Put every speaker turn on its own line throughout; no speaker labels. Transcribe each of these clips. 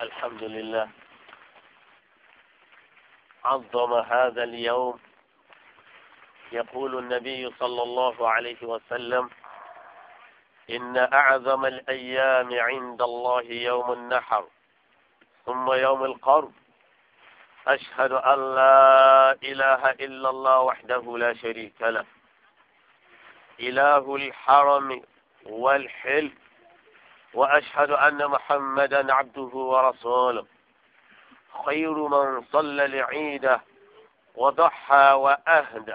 الحمد لله عظم هذا اليوم يقول النبي صلى الله عليه وسلم إن أعظم الأيام عند الله يوم النحر ثم يوم القرب أشهد أن لا إله إلا الله وحده لا شريك له إله الحرم والحلم وأشهد أن محمدا عبده ورسوله خير من صلى لعيده وضحى وأهدى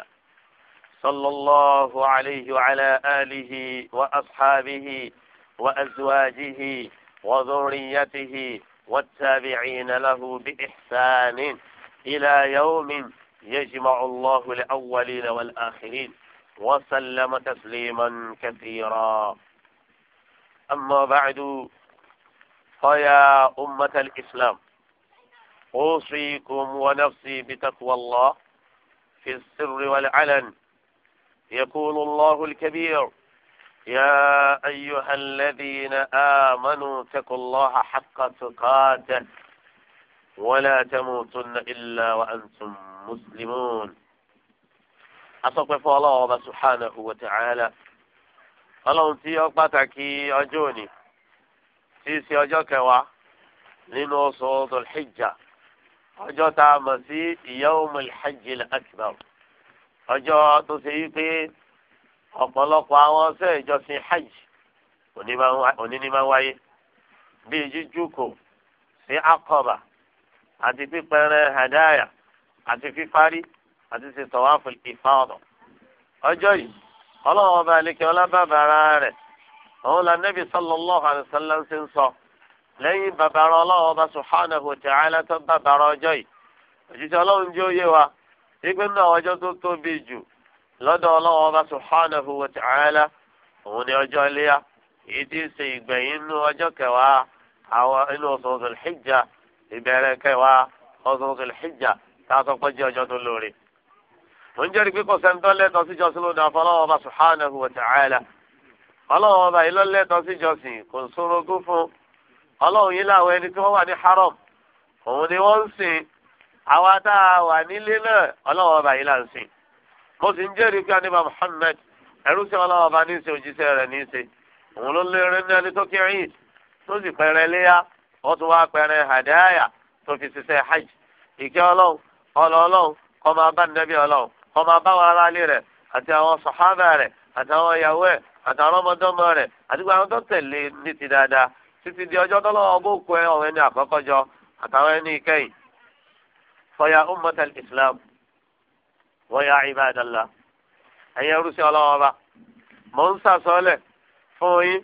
صلى الله عليه وعلى آله وأصحابه وأزواجه وذريته والتابعين له بإحسان إلى يوم يجمع الله الأولين والآخرين وسلم تسليما كثيرا أما بعد فيا أمة الإسلام أوصيكم ونفسي بتقوى الله في السر والعلن يقول الله الكبير يا أيها الذين آمنوا اتقوا الله حق تقاته ولا تموتن إلا وأنتم مسلمون أصدق الله سبحانه وتعالى ọlọ́run tí ó pàtàkì ọjọ́ òní tí í ṣe ọjọ́ kẹwàá nínú oṣù Dhul-Hijja ọjọ́ tá a mọ̀ sí Yawmul Hajjil Akbar ọjọ́ tó ṣe yí pé ọ̀pọ̀lọpọ̀ àwọn ọ̀sẹ̀ ìjọsìn hajj òní ni máa wáyé bíi jíjúkò sí akọba àti pípẹrẹ hadaya àti fífárí àti ṣètọ́wáfù ìfáàdọ̀ ọjọ́ yìí ọlọ́run ọba àlekè ọlábàbàrà rẹ̀ òun la nẹ́bí sallallahu alayhi wa sallam ṣe ń sọ lẹ́yìn bàbàrà ọlọ́run ọba subhanahu wa ta'ala tó bàbàrà ọjọ́ yìí òjijì ọlọ́run jẹ́ òye wa igbe náà ọjọ́ tó tóbi jù lọ́dọ̀ ọlọ́run ọba subhanahu wa ta'ala òun ni ọjọ́ iléyà èyí ṣe ìgbẹ̀yìn inú ọjọ́ kẹwàá àwọn inú oṣooṣù tó ń jẹ́rìí pé kò sẹ́ni tó sí jọ́sìn lónìí àfọlọ́wọ́ ọba subhanahu wa ta'ala ọlọ́wọ́ ọba yìí sí jọ́sìn kò ń fún ọlọ́run yìí làwọn ẹni tí haram òun ni wọ́n ń sìn àwa tá a wà nílé náà ọlọ́wọ́ ọba yìí là ń sìn mo sì ń jẹ́rìí pé aníbà Muhammad ẹrú sí ọlọ́wọ́ ọba ní í ṣe òjíṣẹ́ rẹ̀ ọlọ́run kọ́ máa bá ọlọ́run kọ́ máa bá wọn ara lé rẹ̀ àti àwọn sàhábà rẹ̀ àti àwọn ìyàwó ẹ̀ àti àwọn ọmọdọ́mọ rẹ̀ àti gbogbo àwọn tó tẹ̀lé ní ti dáadáa títí di ọjọ́ tọ́lọ́wọ́ bó kó ẹ ọ̀rẹ́ ní àkọ́kọ́ jọ àtàwọn ẹni ìkẹyìn. fọyà ummatal islam wọ́yà ibadallah ẹ̀yẹ rúṣì ọlọ́wọ́ bá mọ̀ ń sàsọ́lẹ̀ fún yín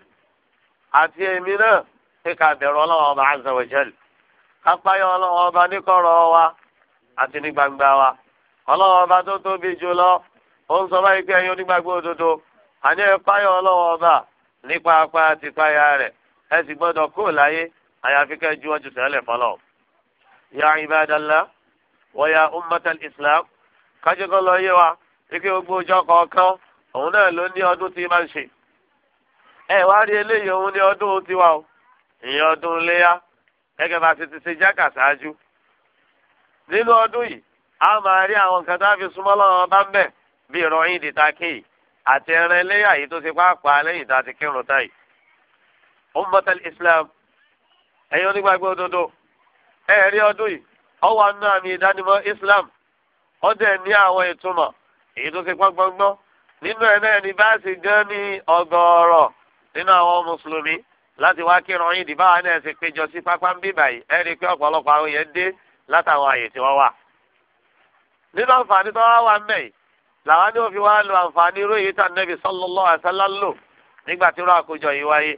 àti èmi náà ṣé ká bẹ̀rù ọlọ́wọ́ bá azza wa jal ọlọ́wọ́ bá níkọ̀rọ̀ wa àti ní gbangba wa. ọlọ́wọ́ ọba tó tóbi jùlọ ó ń sọ báyìí pé ẹ̀yin onígbàgbọ́ òdodo àní ẹ̀páyọ̀ ọlọ́wọ́ ọba nípa apá àtìpáyà rẹ̀ ẹ sì gbọ́dọ̀ kó láyé ya ibadallah wa ya islam wa ike gbogbo kọọkan òun náà ló ní ọdún tí máa ń ṣe. ẹ wá rí eléyìí o ìyẹn ọdún léyà bá ti ti ṣe jákà ṣáájú. nínú ọdún yìí a máa rí àwọn nǹkan tá a fi súnmọ́ lọ́wọ́ bá ń bẹ̀ bí ìrọ̀yìn di kéyì àti ẹran ẹlẹ́yà yìí tó ti pàápàá lẹ́yìn tá a ti kírun islam ẹ̀yin onigbagbo òdodo ẹ̀ rí ọdún yìí ó wà nínú àmì ìdánimọ̀ islam ó dẹ̀ ní àwọn ìtumọ̀ èyí tó ti pọ́n gbọ́ngbọ́n nínú ẹ̀ náà ni báàsì gan ní ọgọ́rọ̀ nínú àwọn mùsùlùmí láti wá kírun yìí dìbáwa náà ti péjọ sí pápá ń bíbà yìí ẹ̀ rí i pé ọ̀pọ̀lọpọ̀ àwọn yẹn nínú àǹfààní tó wá wà ń bẹ̀ yìí làwọn ni wọ́n fi wá lo àǹfààní irú èyí tàn nẹ́bí sallallahu alaihi wasallam lò nígbà tí irú àkójọ yìí wáyé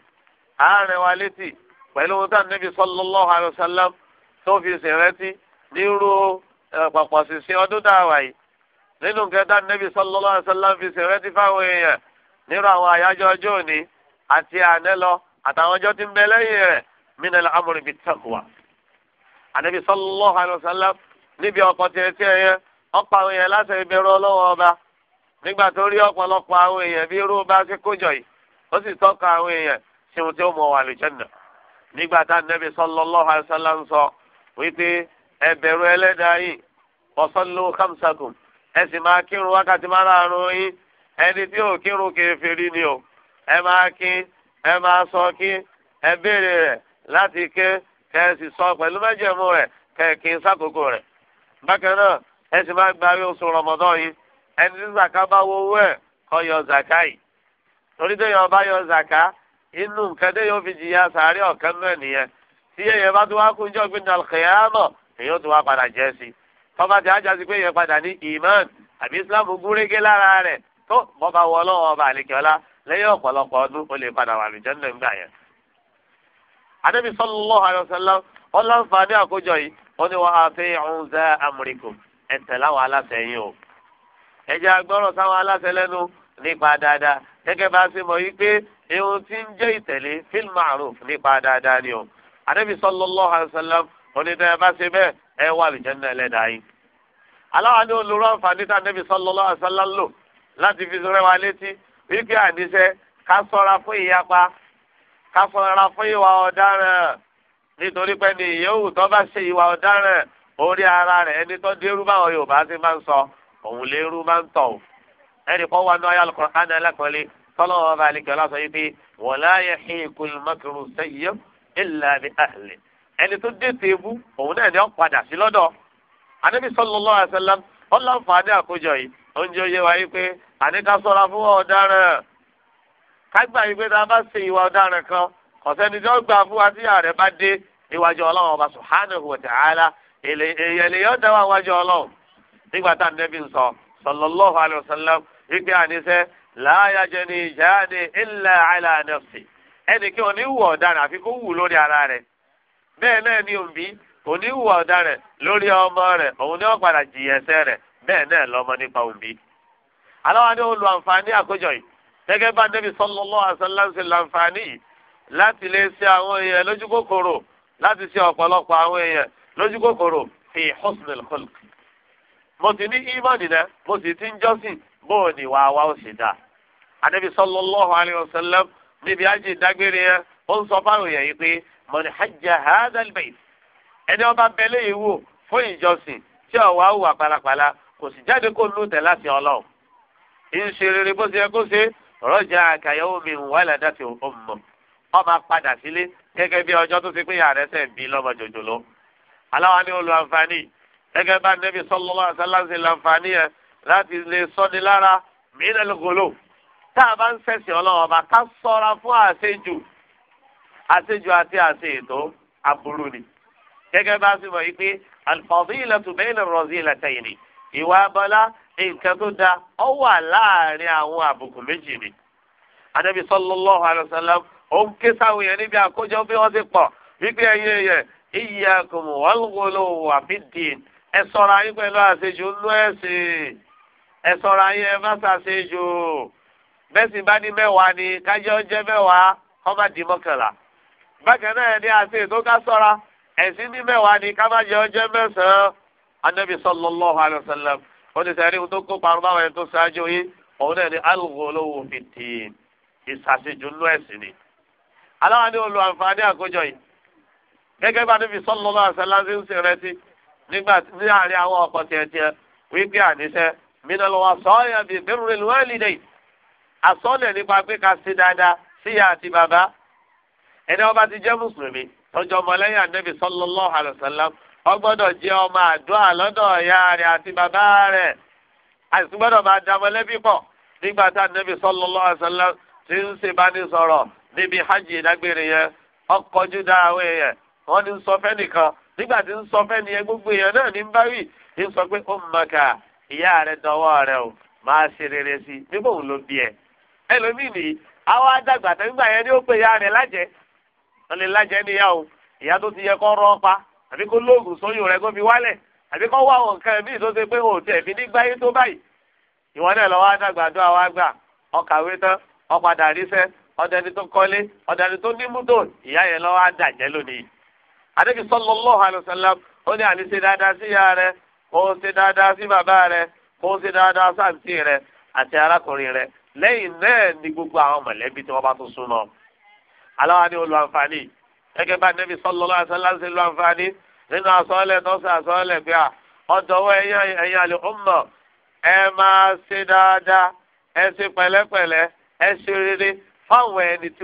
àárín wa létí pẹ̀lú ohun tàn nẹ́bí sallallahu alaihi wasallam tó fi ṣèrántí nírú pọ̀pọ̀ sísìn ọdún dáhàwá yìí nínú nǹkan tàn nẹ́bí sallallahu alaihi wasallam fi ṣèrántí fáwọn èèyàn nírú àwọn àyájọ́ ọjọ́ òní àti àná àtàwọn ọjọ́ ọ̀pọ̀ àwọn èèyàn láti ìbẹ̀rù ọlọ́wọ́ ọba nígbà tó rí ọ̀pọ̀lọpọ̀ àwọn èèyàn bí irú bá ṣe jọ yìí ó sì tọ́ka àwọn èèyàn sí tí ó mọ̀ wà nígbà tá nẹ́bí sallallahu alaihi ń sọ wípé ẹ ẹlẹ́dàá yìí kírun wákàtí yín ẹni tí kírun ni o ẹ máa kí ẹ rẹ̀ láti ké kẹ ẹ sì sọ ẹ sì máa gba rí oṣù Ramadan yìí ẹni tí zaka bá wo owó ẹ kọ yọ zaka yìí torí tó yọ ọba yọ zaka inú nǹkan tó yọ fi jìyà sàárẹ̀ ọ̀kan náà nìyẹn tí yẹyẹ bá tún wá kú jọ gbé nàlùkìyàmọ èyàn tún wá padà jẹ sí i tọ́ba tí ajá sí pé yẹn padà ní iman àbí islam gúrégé lára rẹ̀ tó bọ́ba wọ ọlọ́wọ́ ọba àlekèọ́lá lẹ́yìn ọ̀pọ̀lọpọ̀ ọdún ó lè padà wà lùjẹ́ nínú ìgbà yẹn. Ànábì sallallahu alaihi wasallam ọlọ́nfààní àkójọ yìí ó ní wọ́n á fi ọ̀hún zẹ́ amúrikùn ẹsẹ̀ láwọn aláṣẹ yìí o ẹjẹ́ agbọ́rọ̀ sáwọn aláṣẹ lẹ́nu nípa dáadáa gẹ́gẹ́ bá a ṣe mọ̀ yìí pé ihun tí ń jẹ́ ìtẹ̀lé fil ma'ruf nípa dáadáa ni o Ànábì sallallahu alaihi wasallam onídàá ẹ bá ṣe bẹ́ẹ̀ ẹ wà lùjẹ́nà ẹlẹ́dàá yìí. aláwa ni olùrọ̀ àǹfààní tá Ànábì sallallahu alaihi wasallam lò láti fi rẹ́ wa létí wípé àníṣe ká sọ́ra fún ìyapa ká sọ́ra fún ìwà ọ̀daràn orí ara rẹ̀ ẹni tó dérú báwọn yorùbá ti máa ń sọ òun lérú máa ń tọ̀ o ẹni kọ́ wa ní ọyá alukọ̀rán alákọ̀ọ́lẹ̀ tọ́lọ́wọ́ bá alẹ́ kẹ́lá sọ yìí pé wọ́n láyé hìkùn mọ́kìrún sẹ́yìn ìlà ní àhìlẹ̀ ẹni tó dé tèébú òun náà ni ó padà sí lọ́dọ̀ anábì sallallahu alaihi wasallam ọlọ́nfààní àkójọ yìí oúnjẹ oyè wa yìí pé àníká sọ́ra fún ọ̀daràn kágbà yìí pé tá a bá ṣe ìwà ọ̀daràn kan kọ̀sẹ́ni tí wọ́n gbà fún wa tí ààrẹ bá dé iwájú ọlọ́run ọba subhanahu wa ta'ala èèyàn lèyàn dá wà wájú ọlọ́run nígbà tá nẹ́bí ń sọ sallallahu alayhi wa àníṣe láàyà jẹ ní ìjà ni ala ẹnì kí òní wù ọ̀daràn àfi kó wù lórí ara rẹ̀ bẹ́ẹ̀ náà ni kò òní wù ọ̀daràn lórí ọmọ rẹ̀ òun ni wọ́n padà ẹsẹ̀ rẹ̀ bẹ́ẹ̀ náà lọ́mọ nípa àǹfààní àkójọ yìí gẹ́gẹ́ bá lójú kòkòrò fi husnul khulq mo ti ní ìmọ̀nì náà mo sì ti ń jọ́sìn bóò ní wàá wá ó sì dá anabi sallallahu alayhi wa sallam níbi ajé ìdágbére yẹn ó ń sọ fáwọn èèyàn yìí pé mọ̀nì hajjá hadal bayt ẹni ọba bẹ́lẹ̀ yìí wò fún ìjọsìn tí ọ̀wá hùwà pálapàla kò sì jáde kó lù tẹ̀ láti ọlọ́run ìṣe bó ṣe yẹ kó ṣe rọ́jà àkàyẹ̀wò mi wàhálà dàtí ọmọ ọmọ padà sílé gẹ́gẹ́ bí ọjọ́ tó ti pín yàrá ẹsẹ̀ bí lọ́mọ jòjòló aláwa ni olú àǹfààní gẹ́gẹ́ bá nẹ́bí sallallahu alaihi wasallam ṣe làǹfààní yẹn láti lè sọ́ni lára mìíràn lọ́gọ́lò tá a bá ń ṣẹ̀sìn ọlọ́wọ́ bá ká sọ́ra fún àṣejù àṣejù àti àṣe ètò aburú ni gẹ́gẹ́ bá ṣe mọ̀ yìí pé al-fadilatu bayna ar-razilatayn ìwà abọ́lá nǹkan tó da ọ wà láàrin àwọn àbùkù méjì ni anabi sallallahu alaihi wasallam ó ké sáwọn yẹn níbi àkójọ bí wọ́n ti pọ̀ wípé ẹ̀yin ẹ̀yẹ iyyakum wal ghuluw fi ddin ẹ ṣọ́ra yín pẹ̀lú àṣejù ńlú ẹ̀sìn ẹ ṣọ́ra yín ẹ má ṣàṣejù bẹ́sì bá ní mẹ́wàá ni kájọ́ jẹ́ mẹ́wàá kọ́ má di mọ́kànlá bákan náà ní àṣe tó ká ṣọ́ra ẹ̀sìn ní mẹ́wàá ni ká má jẹ́ ọjọ́ mẹ́sàn-án anábì sallallahu alaihi wasallam ó ní sẹ́rí tó kó parun báwọn ẹni tó ṣáájú yín òun náà ní al ghuluw fi ddin ìṣàṣejù ńlú ẹ̀sìn ni aláwa ní àkójọ yìí gẹ́gẹ́ bá níbi sọ́lọ́lọ́ àṣàlásí ń ṣèrántí nígbà tí àárín àwọn ọ̀pọ̀ tiẹ̀ tiẹ̀ wípé àníṣe mìíràn wà sọ́ọ̀yà bíi bẹ́rùrẹ́ lùwẹ́lìdẹ̀ àsọ́ọ̀lẹ̀ nípa pé ká sí dáadáa síyà àti bàbá ẹni ọba ti jẹ́ mùsùlùmí tọ́jú ọmọlẹ́yìn ànẹ́bí sọ́lọ́lọ́ àṣàlá ó gbọ́dọ̀ jẹ́ ọmọ àdúrà lọ́dọ̀ ìyá rẹ̀ àti bàbá rẹ̀ àìsí gbọ́dọ̀ da mọ̀lẹ́bí pọ̀ nígbà tá ànẹ́bí sọ́lọ́lọ́ àṣàlá ti ń ṣèbánisọ̀rọ̀ níbi hajj ìdágbére yẹn ọkọjú dáhàwé yẹn wọ́n ní ń sọ fẹ́ nìkan nígbà tí ń sọ fẹ́ nìyẹn gbogbo èèyàn náà ní ń bá wì ní sọ pé ó màkà ìyá rẹ dọwọ́ rẹ o máa ṣe rere sí i nígbà òun ló bí ẹ ẹlòmíì nìyí àwọn adágbà tẹ nígbà yẹn ni ó pe ìyá rẹ lájẹ wọn lè lájẹ níyà o ìyá tó ti yẹ kó rọ pa àbí kó lóògùn sóyún rẹ kó fi wálẹ̀ àbí kó wá àwọn nǹkan míì tó ṣe pé òun tẹ̀ fi nígbà yín tó báyìí ìwọ náà lọ́wọ́ adágbà dún àwọn àgbà ọkàwé tán ọpadà ríṣẹ́ ọdẹni tó kọ́lé ọdẹni tó ní múdò ìyá yẹn lọ́wọ́ adàjẹ́ lónìí àdébí sallallahu alaihi wasallam ó ní àní ṣe dáadáa sí ìyá rẹ kó o ṣe dáadáa sí bàbá rẹ kó o ṣe dáadáa sáǹtì rẹ àti arákùnrin rẹ lẹ́yìn náà ni gbogbo àwọn mọ̀lẹ́bí tí wọ́n bá tún súnmọ́ aláwa ní olùwànfààní gẹ́gẹ́ bá àdébí sallallahu alaihi wasallam ṣe lu ànfààní nínú àsọ̀ọ́lẹ̀ àlè ẹ rere fáwọn ẹni tí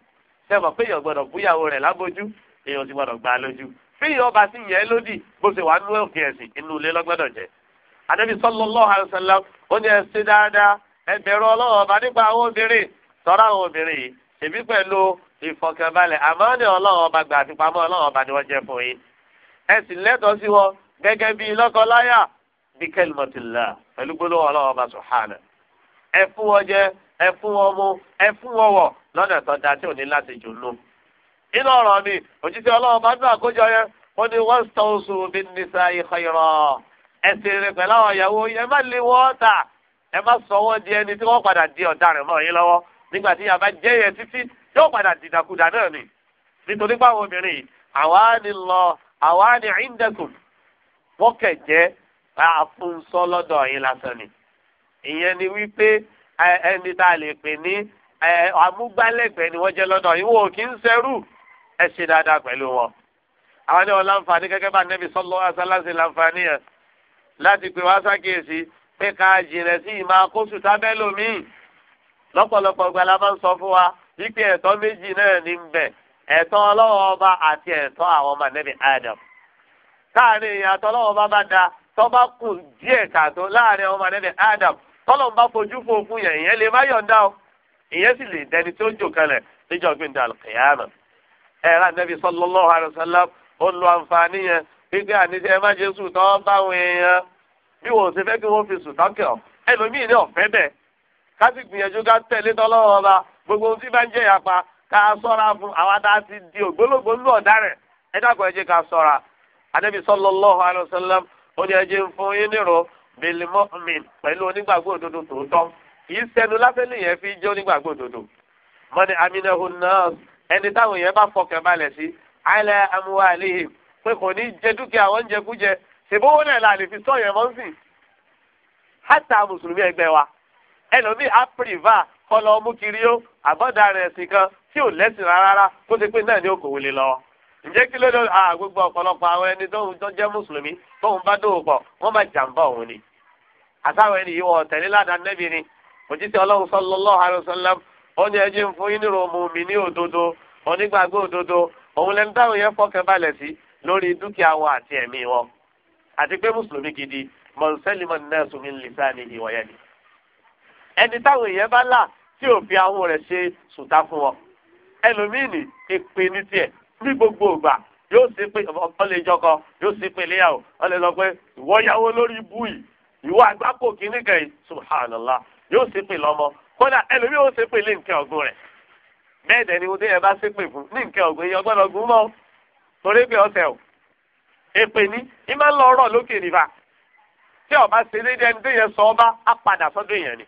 sẹ́wọ̀n pé èèyàn gbọ́dọ̀ búyàwó rẹ̀ lábójú èèyàn ti gbọ́dọ̀ gbà lójú bí èèyàn bá sì yẹn lódì bó ṣe wà nínú òkè ẹ̀sìn inú ilé lọ́gbọ́dọ̀ jẹ́ àdébí sallallahu alaihi wasallam ó ní ẹ ṣe dáadáa ẹ bẹ̀rù Ọlọ́run ọba nípa àwọn obìnrin sọ́ra àwọn obìnrin yìí èmi pẹ̀lú ìfọkànbalẹ̀ àmọ́ ní Ọlọ́run ọba gbà àti pamọ́ Ọlọ́run ọba ni wọ́n jẹ́ fún yín ẹ sì lẹ́tọ̀ọ́ sí wọn gẹ́gẹ́ bí lọ́kọ-láyà bí kalimatillah gbólóhùn Ọlọ́run ọba subhanahu ẹ fún wọn jẹ ẹ fún wọn mu ẹ fún wọn wọ̀ lọ́nà tó da tí ò ní láti jù lù. inú ọ̀rọ̀ mi òjíṣẹ́ ọlọ́run bá dún àkójọ yẹn ó ní wọ́n sọ oṣù bí nisa ikọ̀ ìrọ̀ ẹ̀sìn rẹ̀ pẹ̀lú àwọn ìyàwó yẹn má lé wọ́n tà ẹ má sọ wọ́n di ẹni tí wọ́n padà di ọ̀daràn mọ́ yín lọ́wọ́ nígbà tí yàrá jẹ́ yẹn títí yóò padà dìdàkudà náà ni nítorí báwọn obìnrin yìí àwa ni lọ àwa ni ìndẹ́kùn wọ́n kẹ̀ jẹ́ àfúnsọ́ lọ́dọ̀ yín lásán ni ìyẹn ni wípé ẹni tá a lè pè ní amúgbálẹ́gbẹ̀ẹ́ ni wọ́n jẹ́ lọ́dọ̀ yìí kì í ṣerú ẹ ṣe dáadáa pẹ̀lú wọn. àwọn ẹni wọn láǹfààní gẹ́gẹ́ bá nẹ́bí sọ́lọ́ aṣáláṣí láǹfààní yẹn láti pè wá sákèésí pé ká sí ìmọ̀ lọ́pọ̀lọpọ̀ la máa ń sọ fún wa wípé ẹ̀tọ́ méjì náà ní ń ẹ̀tọ́ ọlọ́wọ́ ọba àti ẹ̀tọ́ àwọn ọmọ tọ́lọ́n bá fojú fò fún yẹn ìyẹn lè má yọ̀ǹda o ìyẹn sì lè dẹni tó jò kalẹ̀ níjọ́ gbé ní alùkìyàmà ẹ̀ rà nẹ́bí sallallahu alaihi wasallam ó lu àǹfààní yẹn gbígbé àníṣe ẹ má jésù tó ń bá àwọn èèyàn bí wọn ò ṣe fẹ́ kí wọ́n fi sùn tán kẹ̀ọ́ ẹlòmíì ní ọ̀fẹ́ bẹ̀ ká sì gbìyànjú ká tẹ̀lé tọ́lọ́wọ́ ọba gbogbo bilimọ́fìmìn pẹ̀lú onígbàgbọ́ òdodo tòótọ́ kìí sẹ́nu láfẹ́lẹ́ yẹn fi jẹ́ onígbàgbọ́ òdodo mọ́ni aminahu náà ẹni táwọn yẹn bá fọkàn balẹ̀ sí àìlẹ́ amúwa àlehìn pé kò ní jẹ dúkìá wọn jẹ kú jẹ ṣèbówó náà la lè fi sọ yẹn mọ́ sí. hátà mùsùlùmí ẹgbẹ́ wa ẹlòmíì ápìrìvà kọ́ lọ mú kiri ó àbọ̀dá rẹ̀ sí kan tí ò lẹ́sìn rárá kó ti pé náà ní òkòwò lè lọ́wọ́ ǹjẹ́ kí ló dé à gbogbo ọ̀pọ̀lọpọ̀ àwọn ẹni tóun tó jẹ́ mùsùlùmí tóun bá dòwò pọ̀ wọ́n bá jàǹbá òun ni àtàwọn ẹni yìí wọ́n tẹ̀lé ládàá nẹ́bí ni òjíṣẹ́ ọlọ́run sallallahu alaihi wasallam ó ní ẹjí ń fún yín nírò mu mi ní òdodo onígbàgbọ́ òdodo òun lẹni táwọn yẹn fọkàn balẹ̀ sí lórí dúkìá wọn àti ẹ̀mí wọn àti pé mùsùlùmí gidi mọ̀nsẹ́lìmọ̀ nẹ́ẹ̀sù mi lìsá ni ìwọ̀yẹ́ ni ẹni táwọn èèyàn bá là tí òfin àwọn rẹ̀ ṣe sùtá fún wọn ẹlòmíì ní èpè ní tiẹ̀ ní gbogbo ọgba yóò si pé ọ lè jọkọ yóò ṣe pé léyàwó ọ lọ pé ìwọ yàwó lórí ibú yìí ìwọ àgbákò kìíní kẹyìn subhanallah yóò ṣe pé lọmọ kódà ẹlòmíì yóò pé rẹ. ni déyẹ bá pé fún ní yìí torí pé o èpè ní ní máa ń lọ ọba ṣe déédéé ẹni déyẹ sọ ọba á padà èèyàn ni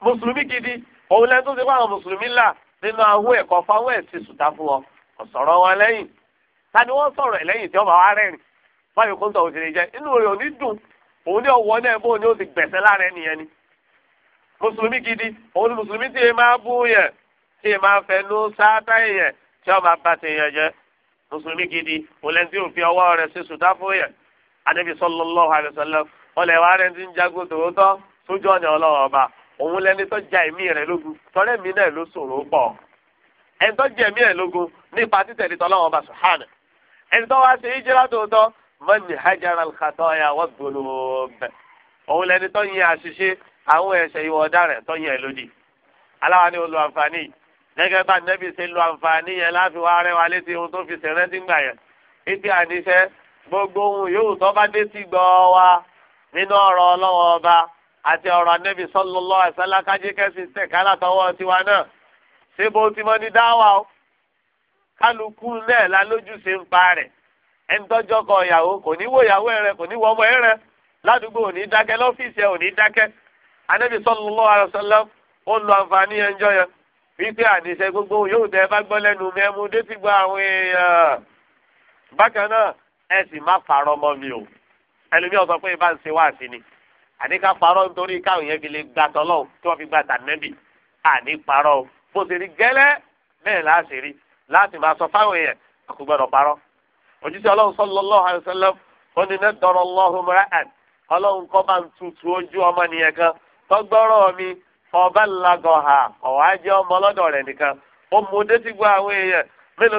mùsùlùmí gidi òun tó mùsùlùmí là nínú àwọn ẹ̀kọ́ ọ̀sọ̀rọ̀ wọn lẹ́yìn tani wọ́n sọ̀rọ̀ lẹ́yìn tí ọba wa rẹ́rìn báyìí kó ń tọ̀wọ̀ sílẹ̀ jẹ́ inú rẹ̀ ò ní dùn òun ní ọ̀wọ́ náà bóun ní ó ti gbẹ̀sẹ̀ lára ni mùsùlùmí gidi òun ni mùsùlùmí tí ì máa bú yẹn tí máa fẹnu sáátá yẹn tí ọba bá ti yẹn jẹ mùsùlùmí gidi ọwọ́ rẹ̀ fún yẹn adébí ẹni tó jẹ̀mí ẹ̀ lógún nípa títẹ̀lé tọ́lọ́wọ́n bá sùhánà ẹni tó wá ṣe ìjírá tòótọ́ mọ́ni hajara al-khataya wa dhunub òun lẹni tó yin àṣìṣe àwọn ẹ̀ṣẹ̀ ìwọ̀ ọ̀daràn tó yin ẹ̀ lódì aláwa ni olú àǹfààní gẹ́gẹ́ bá nẹ́bí ṣe lu àǹfààní yẹn láfi wá rẹwà létí ohun tó fi ṣèrántí gbà yẹn ibi àníṣe gbogbo ohun yòówù tó bá dé sí gbọ́ wa nínú ọ̀rọ̀ ọlọ́wọ́ ọba àti ọ̀rọ̀ anẹ́bí sallallahu alaihi kẹ́sì tẹ̀ kálá tọwọ́ tiwa náà ṣé bó ti mọ ní dáwà o kálukú náà la lójúṣe ń pa rẹ̀ ẹni tọ́jọ́ kan ìyàwó kò ní wo ìyàwó rẹ̀ kò ní wo ọmọ rẹ̀ ládùúgbò ò ní dákẹ́ lọ́fíìsì ẹ̀ ò ní dákẹ́ anábì sallallahu alaihi wasallam ó lo àǹfààní ẹjọ́ yẹn wípé àníṣe gbogbo yóò tẹ ẹ bá gbọ́ lẹ́nu mi ẹ mú dé ti gba àwọn èèyàn bákan náà ẹ sì má parọ́ mọ́ mi o ẹlòmíì ọ̀sán pé ibà ń ṣe wáàsí ni àní ká parọ́ nítorí káwọn yẹn fi lè gbàtọ́ lọ́wọ́ tí wọ́n fi gbàtà nẹ́bì àní parọ́ o. bó ṣe rí gẹ́lẹ́ bẹ́ẹ̀ láti rí láti máa sọ fáwọn èèyàn kò gbọ́dọ̀ parọ́ Òjísé ọlọ́run sallallahu alaihi wasallam ó ní nẹ́tọ́rọ ọlọ́run mẹ́rẹ́ẹ̀d ọlọ́run kọ́ máa ń ojú ọmọ nìyẹn kan tọ́gbọ́rọ̀ mi ọba ha ọ̀wá ọmọ ọlọ́dọ̀ rẹ̀ èèyàn mélòó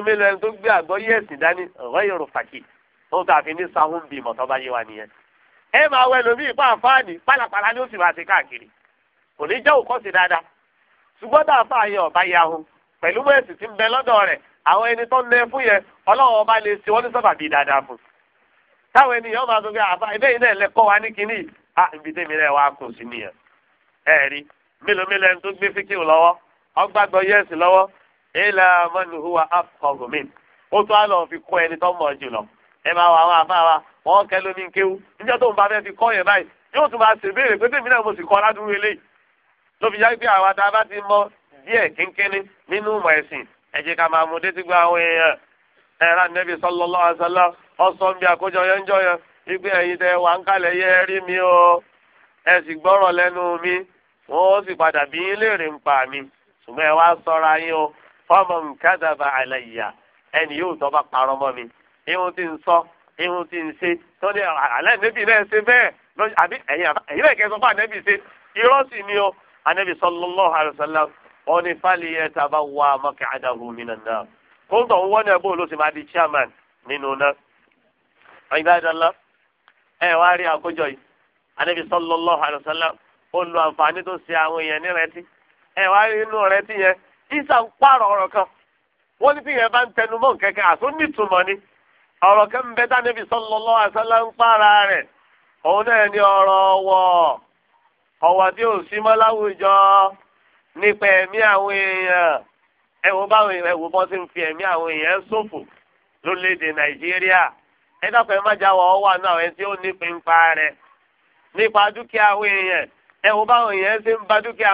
mélòó ṣùgbọ́n dàáfà yẹn ọ̀bá yahu pẹ̀lú wẹ́ẹ̀sì tí ń bẹ lọ́dọ̀ rẹ̀ àwọn ẹni tó ń nẹ fún yẹn ọlọ́run ọba lè ṣe wọ́n ní sábà bíi dáadáa fún un. táwọn ènìyàn máa sọ pé àbá ilé yìí náà lẹ́kọ́ wa ní kínní à ibi tèmi náà wá kù sí nìyẹn. ẹ rí mélòó mélòó ẹni tó gbé fíkìw lọ́wọ́ ọgbàgbọ́ yẹ́sì lọ́wọ́ ilà mọ́nìhùwà afọ̀gùnmín ó tún á lọ fi kọ́ ẹni tó mọ̀ jù ẹ máa wà àwọn àbá wa wọ́n kẹ́ lómi kéwú níjọ́ tó ń bá fẹ́ fi kọ́ yẹn báyìí yóò tún máa ṣèbéèrè pé tèmi náà mo sì kọ́ ládùúgbò eléyìí ló fi jáde pé àwa tá a bá ti mọ díẹ̀ kínkínní nínú ìmọ̀ ẹ̀sìn ẹ jẹ́ ká máa mú dé ti gba àwọn èèyàn ẹ̀rọ ànẹ́bí sallallahu alaihi wasallam ọ̀sán bí àkójọ yẹn ń jọ yẹn wípé ẹ̀yin tẹ wà ń kalẹ̀ yẹ ẹ rí mi o ẹ sì gbọ́rọ̀ lẹ́nu mi wọ́n ó sì padà bí yín léèrè ń pa mi ṣùgbọ́n ẹ wá sọ́ra yín o fọ́mọ nkádàbà àlàyé ẹni yóò tọ́ bá parọ́ mọ́ mi ihun tí ń sọ ihun tí ń ṣe tó ní nẹ́bí náà ṣe bẹ́ẹ̀ àbí ẹ̀yin náà kẹ́ sọ fún ànẹ́bí ṣe irọ́ sì ni o anabi sallallahu alayhi wa sallam wọn ni fali yẹ taba wa mọkẹ adahu minan náà kó ń tọ̀ wọ́n náà bó ló sì máa di chairman nínú náà. ìbádàlá ẹ wá rí àkójọ yìí anabi sallallahu alayhi wa sallam ó lu àǹfààní tó ṣe àwọn èèyàn ní rẹtí ẹ wá rí inú rẹtí yẹn isa ń pààrọ̀ ọ̀rọ̀ kan wọ́n ní bí yẹn bá ń tẹnumọ́ nkẹ́kẹ́ àtúndìtúmọ̀ ni ọ̀rọ̀ kan ń bẹ tánẹ́bí sallallahu alayhi wa sallam pààrà rẹ̀ òun náà ni ọ̀rọ̀ wọ̀ọ́. ọwọ́ tí ò sí mọ́ láwùjọ nípa ẹ̀mí àwọn èèyàn ẹ báwọn ẹ bọ́ sí ń fi ẹ̀mí àwọn èèyàn ṣòfò lórílẹ̀‐èdè nàìjíríà ẹ má wà náà ẹ tí ó rẹ̀ nípa dúkìá àwọn ń ba dúkìá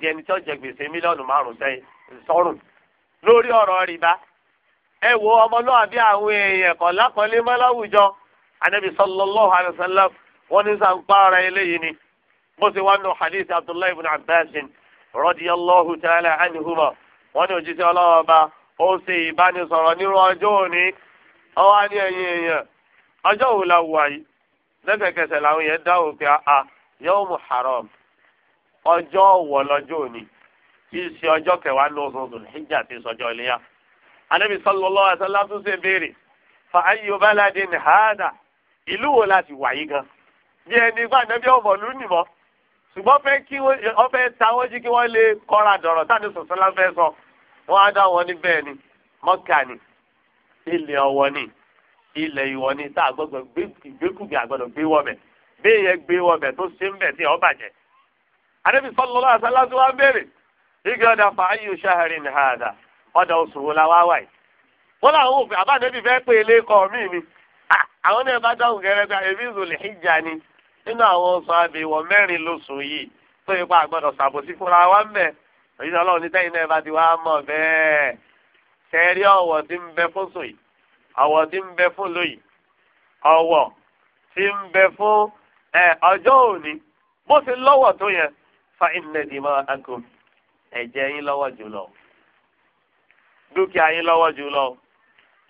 di ẹni jẹ gbèsè mílíọ̀nù márùn sẹ́yìn ẹ àwọn èèyàn kọ̀ lákọ̀ọ́lé mọ́ anabi sallallahu alayhi wa sallam wọ́n ní sàǹpáàrà eléyìí ni bó ṣe wá nù hadith abdullahi ibn abbas radiyallahu ta'ala anhuma wọ́n ní òjíṣẹ́ ọlọ́wọ́ ọba ó ṣe ìbánisọ̀rọ̀ nírú ọjọ́ òní ọwọ́ á ní ẹ̀yìn èèyàn ọjọ́ òun la wà yìí lẹ́sẹ̀kẹsẹ̀ làwọn yẹn dáhùn pé a ah, yawmu haram ọjọ́ ọ̀wọ̀ lọ́jọ́ òní tí í ṣe ọjọ́ kẹwàá ní oṣù tó hijja ti sọjọ́ iléyà. anabi sallallahu alaihi wasallam tún ṣe béèrè fa ayyu baladin hada ìlú wo la ti gan bí ẹni bá nẹbí ọmọ lù nìmọ ṣùgbọ́n kiwo kí wọ́n fẹ́ ta wọ́n jí kí wọ́n lè táni sọ á dá wọn ní bẹ́ẹ̀ ni mọ́kà ni ilẹ̀ ọ̀wọ́ ni ilẹ̀ ìwọ̀ ni tá a gbọ́dọ̀ ìgbékùgbé àgbọ̀dọ̀ gbé yẹ gbé tó ọ wa béèrè igi fà áyù oṣù wo la wá wáyé. àwọn náà bá dáhùn gẹ́gẹ́ ẹbí ìzòlè ìjà ni nínú àwọn oṣù àbẹ̀wò mẹ́rin lóṣù yìí tó ipa àgbọ̀dọ̀ ṣàbòsí fúnra wa ń bẹ̀ òyìnbó ọlọ́run ní tẹ́yìn náà bá ti wá mọ̀ bẹ́ẹ̀ tẹ́rí ọ̀wọ̀ tí ń bẹ fún sòyí ọ̀wọ̀ tí ń bẹ fún lóyìí ọ̀wọ̀ tí ń bẹ fún ọjọ́ òní bó ti tó yẹn fa ẹ̀jẹ̀ yín lọ́wọ́ jùlọ dúkìá yín lọ́wọ́ jùlọ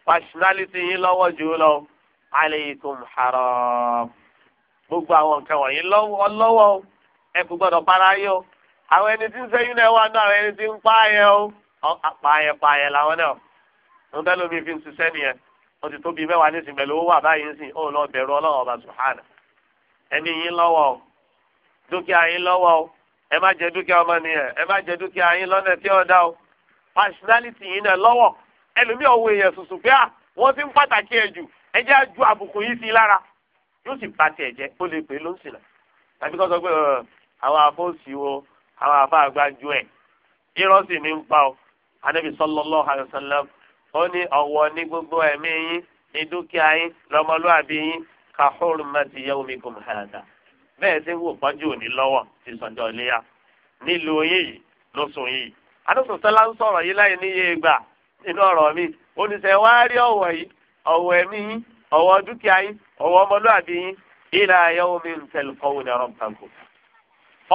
pàṣínálítì yín lọ́wọ́ jùlọ. aleikum haram gbogbo àwọn nǹkan wọ̀nyí lọ́wọ́ ẹ kò gbọ́dọ̀ para yìí o àwọn ẹni tí ń ṣẹ́yún náà wà ní àwọn ẹni tí ń pa ayẹ o pa ayẹ pa ayẹ làwọn náà ń bẹ́ẹ̀ lómi fi ń ṣiṣẹ́ nìyẹn o ti tóbi mẹ́wàá ní ìsìn pẹ̀lú owó àbáyé ń sìn ó lọ bẹ̀rù ọlọ́run ọba sùhánà ẹni yín lọ́wọ́ o dúkìá yín lọ́wọ́ o ẹ má jẹ dúkìá ọmọ nìyẹn ẹ má jẹ dúkìá yín lọ́nà tí ó dá o personality yín náà lọ́wọ́ ẹlòmíọ̀ wo èèyàn sùsù pé à wọ́n ti ń pàtàkì ẹ̀ jù ẹ jẹ́ àbùkù yìí sí lára yóò sì bá tiẹ̀ jẹ́ ó lè pè é ló ń sìnà tàbí kọ́ sọ pé àwọn afọ́sí o àwọn afọ́ àgbájú ẹ̀ irọ́ sì ní ń pa o anabi sallallahu alaihi ó ní ọ̀wọ̀ ní gbogbo ẹ̀mí yín ní dúkìá yín lọ́mọlúwàbí yín ka hurmati yawmikum hada bẹ́ẹ̀ tí wò pọ́jú òní lọ́wọ́ ti sọ̀jọ́ léyà nílùú yín yìí lóṣù yìí adóṣòṣẹ́lá ń sọ̀rọ̀ yìí láì níye gbà nínú ọ̀rọ̀ mi oníṣẹ́ wá rí ọ̀wọ̀ yìí ọ̀wọ̀ ẹ̀mí yín ọ̀wọ̀ dúkìá yín ọ̀wọ̀ ọmọlúwàbí yín ilà ayẹwo mi ntẹlu kọ́wé ní ọ̀rọ̀ nǹkanko.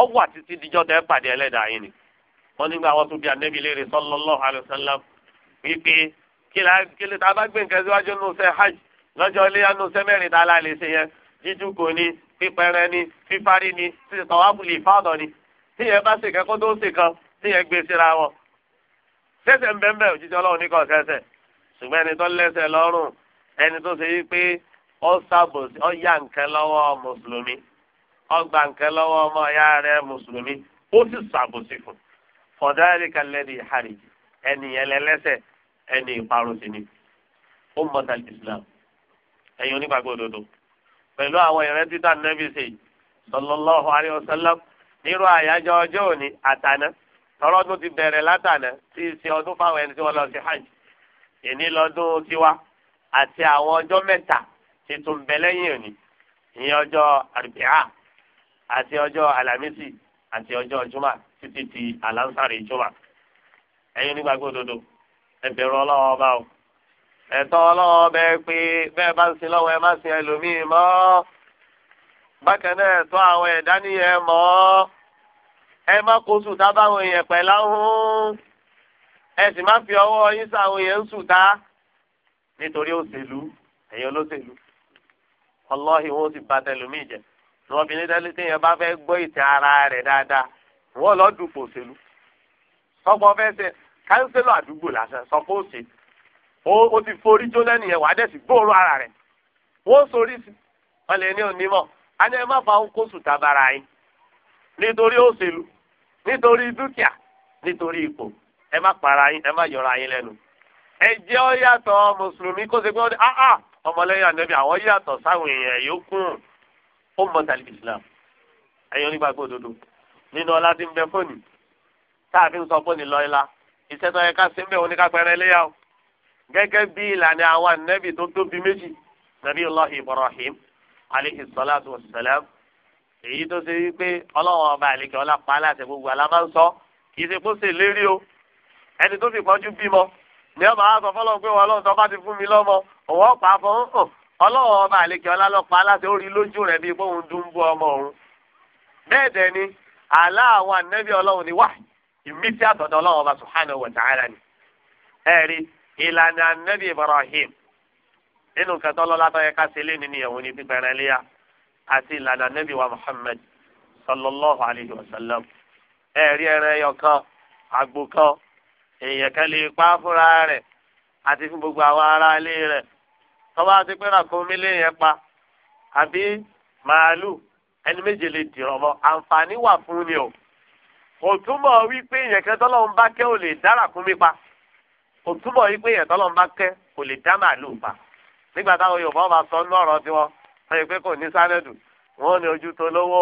ọwọ́ àtìtì díjọ́ tẹ́ pàdé ẹlẹ́dàá yín ni wọ́n nígbà wọ́n tún bí anẹ́bí léèrè sallallahu alaihi wasallam wípé kílẹ̀ tá a bá gbé nǹkan síwájú nù sẹ́ hajj lọ́jọ́ ilé yá nù sẹ́ mẹ́rin tá a láàlẹ́ ṣe yẹn jíjú kò ní pípẹ́rẹ́ ní fífárí ní tọ́wábùlì fáàdọ̀ ni tíyẹn bá ṣèkẹ́ kó tó ṣèkan tíyẹn gbé síra wọn. sẹ́sẹ̀ ń bẹ́ẹ̀ bẹ́ẹ̀ òjíṣẹ́ ọlọ́run ní kọ́ sẹ́sẹ̀ ṣùgbọ́n ẹni tó lẹ́sẹ̀ lọ́rùn ẹni tó ṣe yí pé ó ṣàbòsí ó yá nǹkan lọ́wọ́ mùsùlùmí ó gba nǹkan lọ́wọ́ ọmọ ìyá rẹ̀ mùsùlùmí ó sì ṣàbòsí fún fọdáàrí kalẹ́rì hàrìjì ẹni ẹlẹ́lẹ́sẹ̀ ẹni ìparun sí ni ó mọ̀tà Islam ẹ̀yin onígbàgbọ́ òdodo pẹ̀lú àwọn ìrètí tá nẹ́bí ṣe sallallahu alayhi wa sallam nírú àyájọ́ ọjọ́ òní àtàná tọrọ́dún ti bẹ̀rẹ̀ látàná tí í ṣe ọdún fáwọn ẹni tí wọ́n lọ sí hajj ìní lọ́dún tiwa àti àwọn ọjọ́ mẹ́ta tuntun bẹ lẹ́yìn òní ìyẹn ọjọ́ àrùbíà àti ọjọ́ àlàmísì àti ọjọ́ jùmọ̀ títí ti àlànsárì jùmọ̀ ẹ̀yin nígbàgbọ́ òdodo ẹ̀bẹ̀rù ọlọ́wọ́ ọba o ẹ̀tọ́ ọlọ́wọ́ bẹ pé bẹ́ẹ̀ bá ń sin lọ́wọ́ ẹ má sin ẹlòmíì mọ́ bákan náà ẹ̀tọ́ àwọn ẹ̀dá nìyẹn mọ́ ẹ má kó sùtá báwọn èèyàn pẹ̀ láhùn ẹ sì fi ọwọ́ yín sáwọn èèyàn nítorí òṣèlú ẹ̀yìn olóṣèlú ọlọ́hìn wọn ó sì ba tẹlómi jẹ ni wọn fi ní tẹ́lẹ̀ tí yẹn bá fẹ́ gbọ́ ìtẹ́ ara rẹ̀ dáadáa wọn lọ́ọ́ dupò òṣèlú sọ́kọ́ fẹ́ ṣe kánsílọ̀ àdúgbò lásán sọ́kọ́ òṣè ó ti forí jó lẹ́nu yẹn wàá dẹ̀sí gbòòrò ara rẹ̀ wọ́n sorí sí wọn lè ní onímọ̀ á ẹ má fa ohun kó sùn yín nítorí òṣèlú nítorí dúkìá nítorí ipò ẹ má para yín ẹ má yọra yín lẹ́nu ẹjẹ́ ọ yàtọ̀ mùsùlùmí kó ṣe pé wọ́n ní áá ah, ah, ọmọlẹ́yìn ànábì àwọn yàtọ̀ sáwọn èèyàn yòókù ó mọ tàbí islam ẹ̀yọ́ nígbà gbòdodo nínú ọlá tí ń bẹ fóònù tá a fi ń sọ fóònù lọ ilá iṣẹ́ tó yẹ ká ṣe ń bẹ̀ wọn ní ká pẹ́rẹ́ léyà o gẹ́gẹ́ bí ìlànà àwọn ànábì tó tóbi méjì nàbí allah ibrahim aleyhi salatu wa salam èyí tó ṣe wípé ọlọ́wọ́n ọba àlekè ọlá pa aláṣẹ gbogbo alámánsọ kì í ṣe kó ṣe lérí o ẹni tó fi pọ́njú bímọ ní ọba àgọ́ fọlọ́n pé wọn lọ́n tọ́ bá ti fún mi lọ́mọ òun ọ̀pá fún hàn ọlọ́wọ́ ọba àlekè ọlá lọ́pàá aláṣẹ ó rí lójú rẹ̀ bíi bóun dún bú ọmọ òun. bẹ́ẹ̀ dẹ̀ ni àlá àwọn ànẹ́bí ọlọ́run ni wà ìmísí àtọ̀dọ̀ ọlọ́run ọba subhanahu wa ta'ala ni. ẹ rí ìlànà ànẹ́bí Ibrahim nínú kẹtọ́ lọ́la tó yẹ ká ṣe lé nínú ìyẹ̀wò ní pípẹ́rẹ́ léyà àti ìlànà ànẹ́bí wa Muhammad sallallahu alayhi wa sallam ẹ rí ẹran ẹyọ kan àgbò kan èèyàn kan lè pa fúnra rẹ̀ àti fún gbogbo àwọn ará ilé rẹ̀ tọ́wọ́ àti pé ràkúnmí lè yẹn pa àbí màálù ẹni méje lè dìrọ̀ mọ́ àǹfààní wà fún ni o kò wípé ìyẹ̀kẹ́ kan lè dá pa wípé lè dá màálù pa nígbà táwọn Yorùbá bá sọ ní ọ̀rọ̀ tiwọn wọ́n yẹ pé kò ní sálẹ̀dù wọ́n ní ojú tó lówó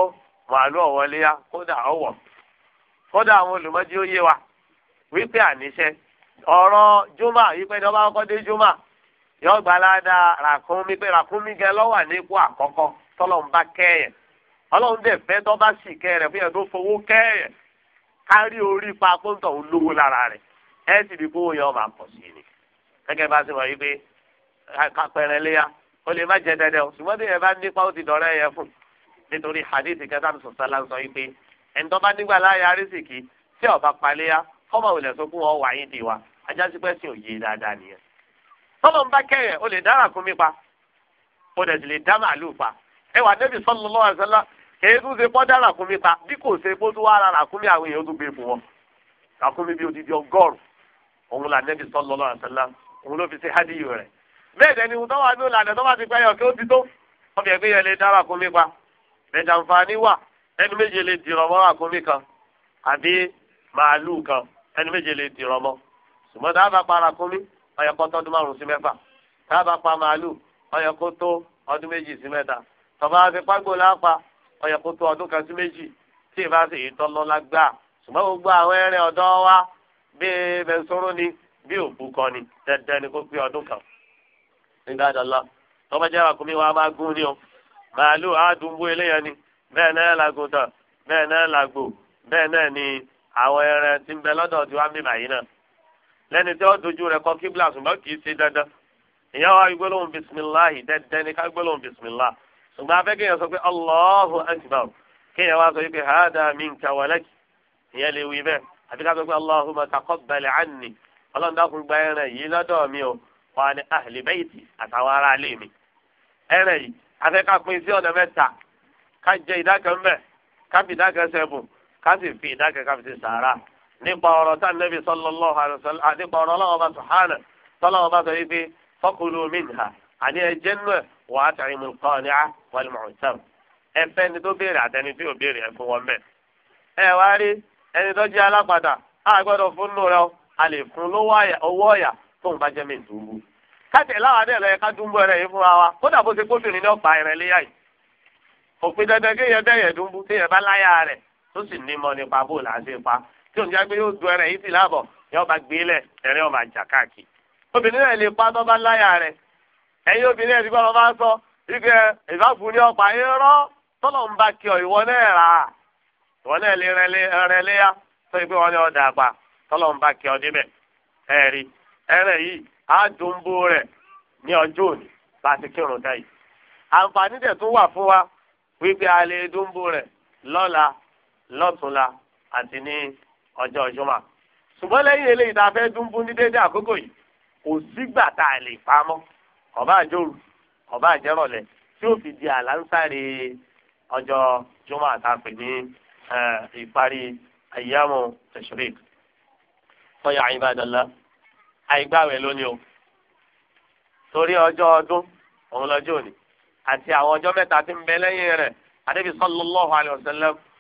màálù ọ̀wọ́léyà kódà wípé àníṣe ọ̀rọ̀ juma wípé ní ọba dé juma yóò gba aláda ràkúnmí pé ràkúnmí gan lọ́wọ́ nípò àkọ́kọ́ tọ́lọ̀ ń bá kẹ́yẹ̀ ọlọ́run dẹ̀ fẹ́ tó bá sì kẹ́yẹ̀ fún yẹn tó fowó kẹ́yẹ̀ kárí orí pa kóńtọ̀ olówó lára rẹ̀ ẹ sì rí kówó yẹn ọba pọ̀ sí ni gẹ́gẹ́ bá ṣe wọ̀ wípé kápẹ́rẹ́ léyà ó lè má jẹ dandan o ṣùgbọ́n bí yẹn bá nípa ó ti dọ̀rẹ́ yẹn fún nítorí hadith kẹta ní sọ̀tà láǹsọ̀ wípé ẹ̀ńtọ́ bá nígbà láyà arísìkì tí ọba paléyà kọ́mọ òlẹ̀ sọ fún ọ wà yín di wa ajá sí pẹ́ sí òye dáadáa nìyẹn. tọ́lọ̀ ń bá kẹ́rẹ̀ o lè dára kún mi pa o dẹ̀ sì lè dá màálù pa ẹ wà débi sallallahu alaihi wasallam kèé tún ṣe pọ́ dára kún mi pa bí kò ṣe pọ́ tó wà rárá kún mi àwọn èèyàn tó gbé e fún wọn. kàkún mi bí odidi ọgọ́rùn òun là débi sallallahu alaihi wasallam òun ló fi ṣe hádìyù rẹ̀. bẹ́ẹ̀ dẹ́ni ohun tó àbí màálù ẹni méje lè di rọmọ ṣùgbọ́n tá a bá para kúmi ọyọ kó tọdún márùn sí mẹ́fà tá a bá pa màálù ọyọ kó tó ọdún méjì sí mẹ́ta tọba fi págbó lápá ọyọ kó tó ọdún kan sí méjì tí ì sì yí tọ́lọ́ lágbá ṣùgbọ́n gbogbo àwọn ẹrẹ ọ̀dọ́ wa bí bẹ́ńsọ́rọ́ ni bí òkú kan ni dandan ni kó pé ọdún kan nígbà dọ́là tọ́ba jẹ́ àkúmi wa máa gún ni o màálù àádùn bó eléyàn ni bẹ́ẹ̀ náà làgùntàn bẹ́ẹ̀ náà làgbò bẹ́ẹ̀ náà ni àwọn ẹran tí ń bẹ lọ́dọ̀ tí wọ́n á bíbà yìí náà lẹ́ni tí wọ́n dojú rẹ̀ kọ kíbla ṣùgbọ́n kì í ṣe dandan ìyá wa gbólóhùn bisimilahi dandan ni ká gbólóhùn bisimilah ṣùgbọ́n afẹ́ kéèyàn sọ pé Allahu akbar kéèyàn wá sọ pé hada minka wa laki ìyẹn lè wí bẹ́ẹ̀ àti ká sọ pé Allahumma taqabbal anni ọlọ́run dákun gba ẹran yìí lọ́dọ̀ mi o wà ní ahli bayti àtàwọn ará ilé mi ẹran yìí afẹ́ ká pín sí ọ̀nà mẹ́ta ká jẹ ìdákan bẹ́ẹ̀ ká fi ìdákan sẹ́bùn kasi fi ìdákẹ́ kasi sara nípa ọ̀rọ̀ tá nẹ́bí sallallahu alaihi wasallam ọ̀rọ̀ ọlọ́wọ́ bá sùhánà tọ́lọ́wọ́ bá sọ yìí pé fakulu àní ẹjẹ́ nù ẹ̀ wà á tàyè mú kọ́ ní á ẹfẹ́ ni tó béèrè àtẹni tí ò béèrè ẹ̀ fún wọn bẹ́ẹ̀. ẹ a lè fún owó ọ̀yà tó ń bá jẹ́ mi ká tó sì nímọ̀ nípa bó là ṣe pa tí òun jágbé yóò du ẹrẹ̀ yìí sì láàbọ̀ yóò bá gbé lẹ̀ ẹrẹ̀ yóò máa jà káàkiri obìnrin náà lè pa tó láyà rẹ̀ ẹ̀yin obìnrin ẹ̀ gbọ́dọ̀ máa sọ ní ọ̀pá irọ́ tọ́lọ̀ ń bá kí ọ ìwọ rẹ léyà ọ débẹ̀ ẹ̀rí yìí á dùn bó rẹ̀ ní ọjọ́ òní kírun dá yìí àǹfààní tún wa wípé a lè dùn bó rẹ̀ lọ́túnla àti ní ọjọ́ Jímọ̀ ṣùgbọ́n lẹ́yìn eléyìí tá a fẹ́ dúnbú ní déédéé àkókò yìí kò sígbà tá a lè pamọ́ ọba àjòrò ọba àjẹrọ̀lẹ̀ tí ó fi di àlàńsáre ọjọ́ Jímọ̀ àtàpè ní ìparí ayyamu tashrik fọyà ìbádọ́lá àìgbàwẹ̀ lónìí o torí ọjọ́ ọdún òun lọ́jọ́ òní àti àwọn ọjọ́ mẹ́ta tí ń bẹ lẹ́yìn rẹ̀ adébísọ́lọ́lọ́hu alẹ́ ọ̀sẹ̀ lẹ́kọ̀ọ́.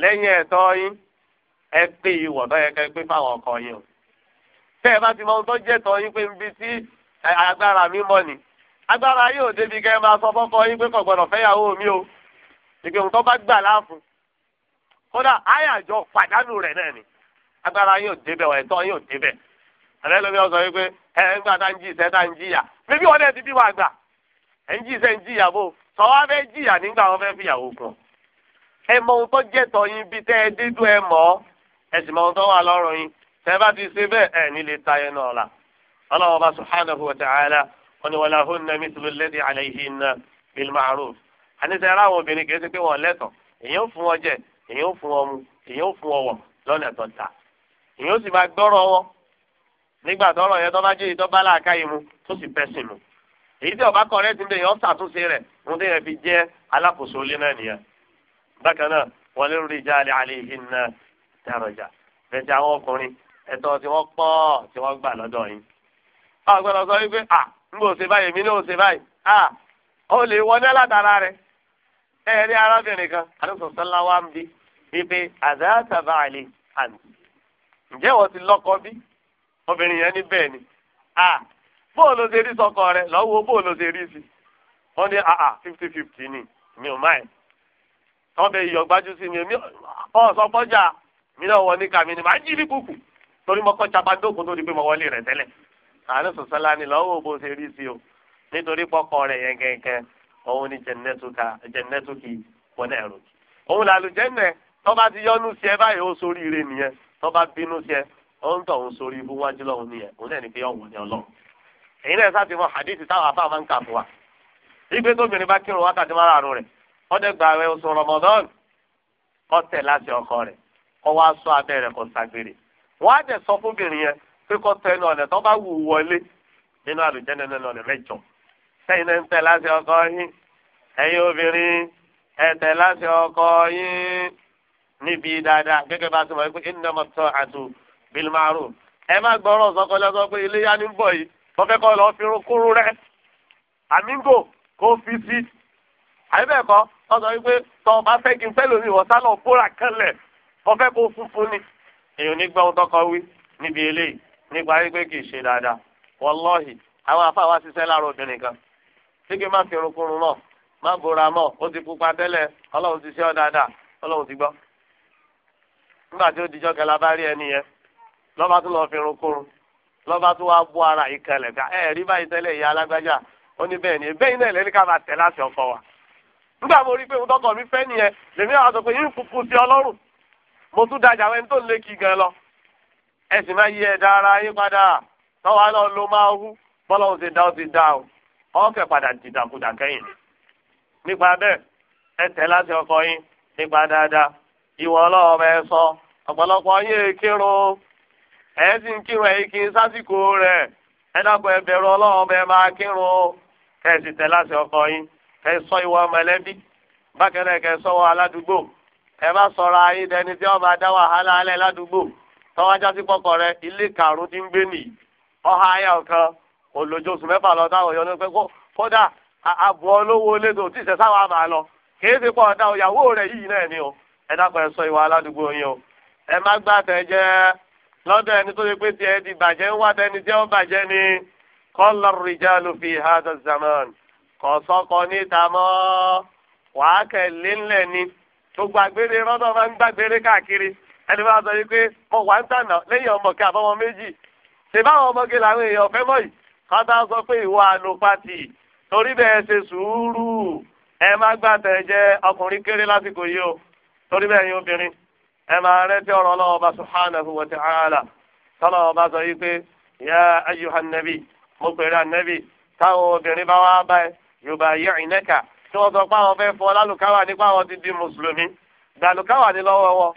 lẹ́yìn ẹ̀tọ́ yín ẹ pé ìwọ̀ kẹ́ pé fáwọn ọkọ yín o. tẹ́ ẹ bá ti mọ ohun tó jẹ́ tọ́ yín pé ibi tí agbára mi mọ̀ ni agbára yóò débi kẹ́ ẹ máa sọ fọ́kọ yín pé o ìgbé ohun tó bá gbà láàfún kódà àyàjọ pàdánù rẹ̀ náà ni agbára yóò débẹ̀ ọ̀ ẹ̀tọ́ yóò débẹ̀ lómi pé ń gbà bíbí wọn náà ti bí wọn àgbà ẹ̀ ń ń sọ wá fẹ́ nígbà wọn fẹ́ ẹ mọ ohun tó jẹ́tọ̀ yín bíi tẹ́ ẹ dídú ẹ mọ́ ẹ sì mọ ohun tó wà lọ́rùn yín tẹ́ ẹ bá ti ṣe bẹ́ẹ̀ ẹ nílé tayẹ náà la ọlọ́run ọba subhanahu wa ta'ala wọn ni wala hunna mithlu alladhi alayhinna bil ma'ruf àníṣe ara àwọn obìnrin kì í ṣe pé wọn lẹ́tọ̀ èyàn fún wọn jẹ èyàn fún wọn mu èyàn fún wọn wọ̀ lọ́nà tó ta èyàn sì máa gbọ́rọ̀ wọn nígbà tọ́rọ̀ yẹn tó bá jẹ́ ìtọ́ bá láàkáyé mu tó sì bẹ́ sínú èyí tí ọba kọ̀ọ̀rẹ́ ti ń bẹ èyàn ṣàtúnṣe rẹ̀ ń dé yẹn fi jẹ́ alákòóso ilé náà nìyẹn bákan náà wọn lè rí ìjà àlẹ́ àlẹ́ yìí ná dárọjà bẹ́ẹ̀ tí àwọn ọkùnrin ẹ̀tọ́ tí wọ́n pọ̀ tí wọ́n gbà lọ́dọ̀ yín. a gbọ́dọ̀ sọ wípé à ń bò ṣe báyìí èmi náà ò ṣe báyìí à ó lè wọlé látara rẹ ẹ rí arábìnrin kan àdókò sọlá wa ń bí wípé àdáyàtàbà àlè àná ǹjẹ́ wọ́n ti lọ́kọ bí obìnrin yẹn ní bẹ́ẹ̀ ni à bóòlù ló ṣe rí sọkọ rẹ lọ́wọ́ bóòlù ló ṣe rí sí wọ́n ní àà fifty fifty ni mi ò máa tọ́ bẹ yọ gbájú sí mi èmi ọ̀ sọ fọ́jà mi náà wọ níka mi ni màá jí ní kùkù torí mo kọ́ jabadókun tó di pé mo wọlé rẹ̀ tẹ́lẹ̀ àánú sọ̀sọ́lá ni lọ́wọ́ bó ṣe rí sí o nítorí pọ́kọ rẹ̀ yẹn kẹ̀kẹ́ òun ni jẹ̀nẹ́tùkì wọlé ẹ̀rọ òun làlùjẹ́nẹ̀ tọ́ba ti yọ́nú sí ẹ báyìí ó sórí ire nìyẹn tọ́ba bínú sí ẹ ó ń tọ̀ òun sórí ibú wájú lọ́hùn nìyẹn òun náà ní pé ọ̀wọ̀ ni ọlọ́run èyí náà sáfihàn hadith táwọn afáàmà ń kà fún wa ìgbésóbìnrin bá kírun ọdẹ gba àwẹ̀ oṣù rọmọdán kọtẹ láti ọkọ rẹ̀ kọ wá sọ abẹ rẹ̀ kọ sagbèrè wọn á dẹ sọ fúnbìnrin yẹn pé kọ tẹ ẹnu ọ̀nà tó bá wù ú wọlé nínú àlùjẹ́nẹ́ nínú ọ̀nà mẹ́jọ sẹ́yìn náà ń tẹ láti ọkọ yín ẹ̀yin obìnrin ẹ tẹ láti ọkọ yín níbi dáadáa gẹ́gẹ́ bá a ti mọ̀ pé innama ta'atu bil ma'ruf ẹ má gbọ́rọ̀ sọkọlọ́sọ pé iléyà ní bọ̀ yìí wọ́n fẹ́ kọ́ lọ́ọ́ fi kúrú rẹ̀ àmígò àyè bẹ́ẹ̀ kọ́ wípé tọ́ ọba fẹ́ kí n fẹ́ lómi ìwọ̀n sálọ̀ bóra kanlẹ̀ wọ́n fẹ́ kó funfun ni èèyàn ní gbọ́n tọkọ wí níbi eléyìí nípa wípé kì í ṣe dáadáa wọlọ́ọ̀hì àwọn wa obìnrin kan pupa tẹ́lẹ̀ ọlọ́run ti ṣe ọ́ dáadáa ọlọ́run ti gbọ́ nígbà tí ó dijọ́ bá rí ẹni yẹn lọ́ba tó fi irunkunrun lọ́ba tó wá nígbà mo rí pé mo tọkọ mi fẹ́ nìyẹn lèmi àwọn sọ pé yín kúkú sí ọlọ́run mo tún dajà wẹ́n tó ń lé kí gan lọ ẹ máa yí ẹ̀dá ara yín padà tọ́wọ́ náà ló máa hú bọ́lá dá dá o ọ̀kẹ́ padà dìdàkudà kẹ́yìn nípa bẹ́ẹ̀ ẹ láti ọkọ yín nípa dáadáa ìwọ ọlọ́wọ́ bẹ́ẹ̀ sọ ọ̀pọ̀lọpọ̀ yín kírun sì ń kírun ẹ ṣọ́ ìwà mọ̀lẹ́bí bákan náà kẹ́ aládùúgbò ẹ má sọ̀rọ̀ ayé dẹni tí wọ́n máa dá wàhálà alẹ́ ládùúgbò tọwọ sí kọ́kọ́ rẹ ilé karùn ti ń gbé nìyí ọ̀hà ayé ọ̀kan olójósù mẹ́fà lọ táwọn ní kódà olówó tí sáwọn àmà lọ kìí ti ni o ẹ ẹ o ẹ má gbà ẹni tó ṣe pé di ń wá tẹni tí kọ̀sọ́kọ níta mọ́ wàá kẹ̀lé ńlẹ̀ ni gbogbo àgbèrè rọ́dọ̀ máa ń gbàgbèrè káàkiri ẹni bá sọ yìí pé mo wà ń tànà lẹ́yìn ọmọ kí àbọ̀mọ méjì ṣèbáwọn ọmọge làwọn èèyàn fẹ́ mọ̀ yìí kọ́tà sọ pé ìwà àlùpàtì torí bẹ́ẹ̀ ṣe sùúrù ẹ má gbàtẹ̀ jẹ́ ọkùnrin kéré lásìkò yìí o torí bẹ́ẹ̀ yín obìnrin ẹ máa rẹ́tí ọ̀rọ̀ ọlọ́wọ́ bá subhanahu wa ta'ala tọ́lọ́ ọba sọ yìí pé ya ayyuhan nabi mo pèrè ànẹ́bì táwọn obìnrin bá wá yorùbá yẹ ìnẹ́kà tí wọ́n sọ pé àwọn fẹ́ fọ́ lálùkáwà nípa àwọn ti di mùsùlùmí dàlùkáwà ní lọ́wọ́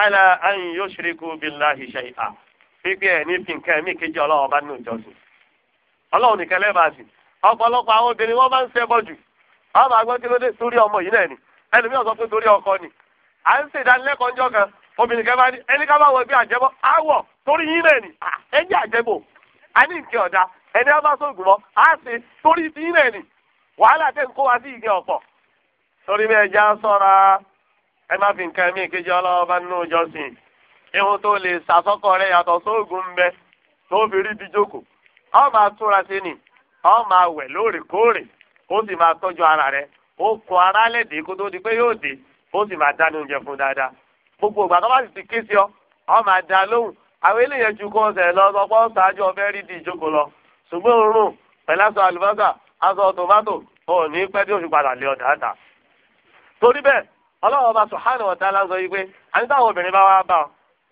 àìlà àyìn yóò ṣeréku billahi shay'a pípẹ́ ẹ̀ ní fìǹkẹ́ mí kejì ọlọ́run bá nínú ìjọsìn nìkan lẹ́ẹ̀bà sí ọ̀pọ̀lọpọ̀ àwọn obìnrin wọ́n máa ń jù máa gbọ́ kí ló dé torí ni ẹlòmíì a ní nǹkan ọ̀dà wàhálà tẹ̀ ń kó wa sí ìdí ọ̀pọ̀ torí bẹ́ẹ̀ já sọ́ra ẹ má fi nǹkan mí kejì ọlọ́wọ́ bá nínú ìjọsìn ihun tó lè sàsọ́kọ rẹ yàtọ̀ sóògùn ń bẹ tó fi bí ọ máa túnra sí ni ọ máa wẹ̀ lóòrèkóòrè ó sì máa tọ́jú ara rẹ ó kọ ara lẹ́dẹ̀ kó tó di pé yóò dé ó sì máa dá ní oúnjẹ fún gbogbo ìgbà tó bá ọ ọ máa lóhùn àwọn rí lọ ṣùgbọ́n òórùn pẹ̀lú aṣọ tòmátò ò pẹ́ tí oṣù padà lé ọjà ta. torí bẹ́ẹ̀ ọlọ́run ọba subhanahu wa ta'ala sọ yìí pé àní táwọn obìnrin bá wá bá ọ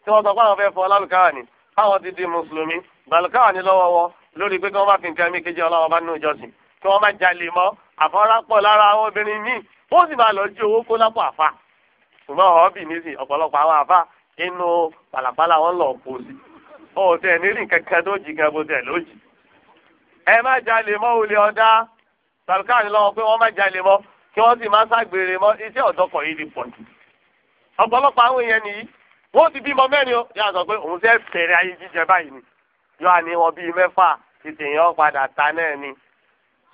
tí wọ́n sọ pé àwọn fẹ́ fọ lálùkáwà ni káwọn ti di mùsùlùmí bàlùkáwà ni lọ́wọ́ wọ lórí pé kí wọ́n bá fi nǹkan mi kejì ọlọ́run ọba nínú ìjọsìn kí wọ́n má jalè mọ́ àfọ́rápọ̀ lára àwọn obìnrin míì ó sì máa lọ jí owó kó lápò àfa ṣùgbọ́n ọ̀ọ́bì mi sì ọ̀pọ̀lọpọ̀ àwọn àfa inú pàlàpàlà wọn lọ kó sí ọ̀ọ́tẹ̀ nírìn kankan tó jì gan bó tẹ̀ lójì ẹ má jalè mọ olè ọ̀dá sàlùkà lọ lọ́wọ́ pé wọn má jalè mọ kí wọn sì má ságbèrè mọ iṣẹ ọdọkọ yìí pọtụ ọpọlọpọ jù. ọ̀pọ̀lọpọ̀ àwọn èèyàn nìyí wọ́n ti bímọ mẹ́rin o yà sọ pé òun fẹ́ bẹ̀rẹ̀ ayé jíjẹ báyìí ni yọ àní bíi mẹfà tètè yàn padà ta náà ni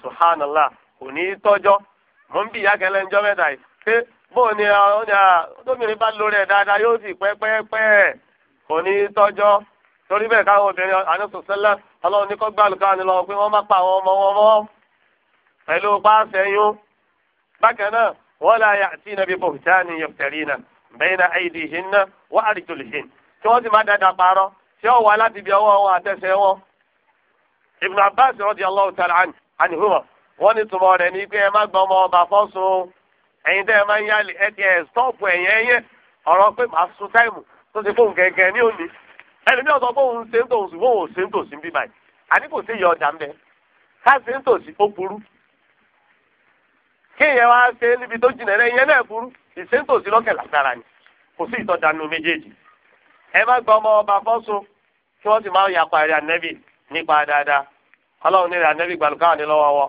subhanallah kò ní í mò ń bí ìyá kẹlẹ́ ń pé bóun ni ọ̀nà tóbìnrin bá lórí ní í torí ọlọ́run ní kọ́ gbà lùkà ni lọ pé wọ́n má pa àwọn ọmọ wọn mọ́ pẹ̀lú páàsì ẹ̀yún bákan náà wọ́n lè àti nàbí bòkútánì yọ̀tẹ̀rì náà bẹ́ẹ̀ náà àìdí ìhìn náà wọ́n àrìjòlè hìn tí wọ́n sì má dáadáa parọ́ tí ó wà láti ibi ọwọ́ wọn àtẹ̀sẹ̀ wọn. Ibn Abbas radiyallahu ta'ala anhuma wọ́n ní tùmọ̀ rẹ̀ ní pé ẹ má gbọ́ ọmọ ọba fọ́sùn ẹ̀yin tẹ́ ẹ máa ń yálè ẹ ti stọ́ọ̀pù ẹ̀yẹ ọ̀rọ̀ pé màá sun táìmù tó ti fóun gẹ̀gẹ̀ ní òní ẹlòmíì ọ̀sán pé òun ṣe ń tò òsùn òun ṣe ń tò sí ń bí báyìí àní kò sí iye ọjà ń bẹ ká ṣe ń tò ó burú kí ìyẹn wá ṣe níbi tó jìnnà ìyẹn náà burú ìṣe ń tò lọ́kẹ̀ lágbára ni kò sí ìtọ́jánu méjèèjì ẹ má gba ọmọ ọba fọ́sùn kí wọ́n sì máa yà parí ànẹ́bì nípa dáadáa ọlọ́run nílẹ̀ ànẹ́bì gbàlùkáwà ní lọ́wọ́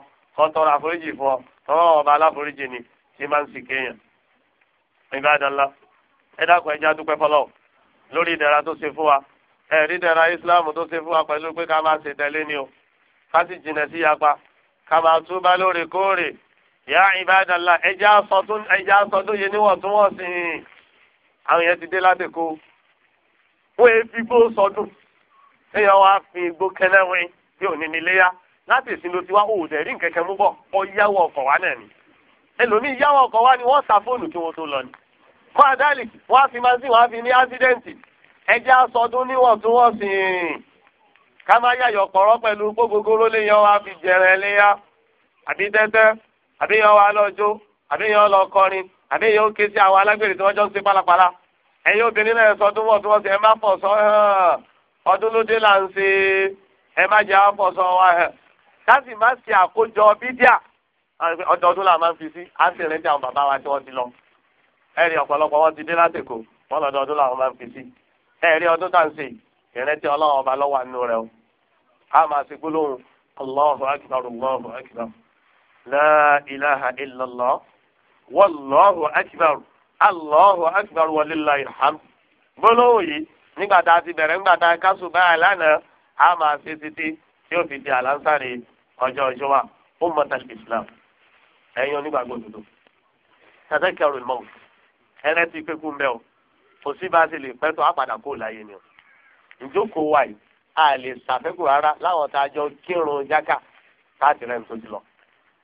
ẹ̀rí dẹ̀ra ìsìláàmù tó ṣe fún wa pẹ̀lú pé ká máa ṣe tẹ̀lé ni o ká sì jìnà sí yapa ká máa túbá lóòrèkóòrè yá ìbádàlá ẹja sọ tó yẹ níwọ̀ntúnwọ̀nsì àwọn yẹn ti dé ládèkó wọ́n èé fi gbó sọdún ẹ̀yàn wa fi gbó kẹ́nẹ́wìn bí òní níléyà láti ìsinmi tiwa ò dẹ̀ rí nkẹ́kẹ́ mú bọ̀ ọ yáwọ̀ ọkọ̀ wa náà ni ẹlòmíì yáwọ̀ ọkọ̀ wa ni wọ́n sa fóònù kí wọ́n tó lọ ni wọ́n adáàlì wọ́n á fi máa sí wọ́n á fi ní ásídẹ́ǹtì ẹjẹ́ asọdún níwọ̀ntúnwọ̀nsì rìn ká má yàyọ̀ pọ̀rọ̀ pẹ̀lú gbogbogbòrò lè yan wa fi jẹrẹ léyà àbí tẹ́tẹ́ àbí yan wa lọ́jọ́ àbí yan lọ kọrin àbí yan ké sí àwọn alágbèrè tí wọ́n jọ ń pálapàla ẹ̀yin obìnrin náà sọdún wọ̀ntúnwọ̀nsì ẹ má sọ ọdún ló dé là ń ẹ má jẹ́ àwọn sọ wa ká sì má àkójọ bídíà wa tí ti lọ ẹ̀rí ọ̀pọ̀lọpọ̀ wọn ti dé wọn lọ́dọọdún làwọn ẹ̀rí ọdún tá à ń ṣe ìrètí ọba lọ́wọ́ àánú rẹ o a máa ṣe gbólóhùn la ilaha illallah wallahu akbar allahu akbar walillahi gbólóhùn yìí a ti bẹ̀rẹ̀ nígbà tá a wa ó mọ tàbí kò sí bá a ṣe lè pẹ́ tó a padà kó láyé ni o ìjókòó wa yìí a lè ṣàfẹ́kù rárá láwọn tá a jọ kírun jáká láti rẹ̀ tó ti lọ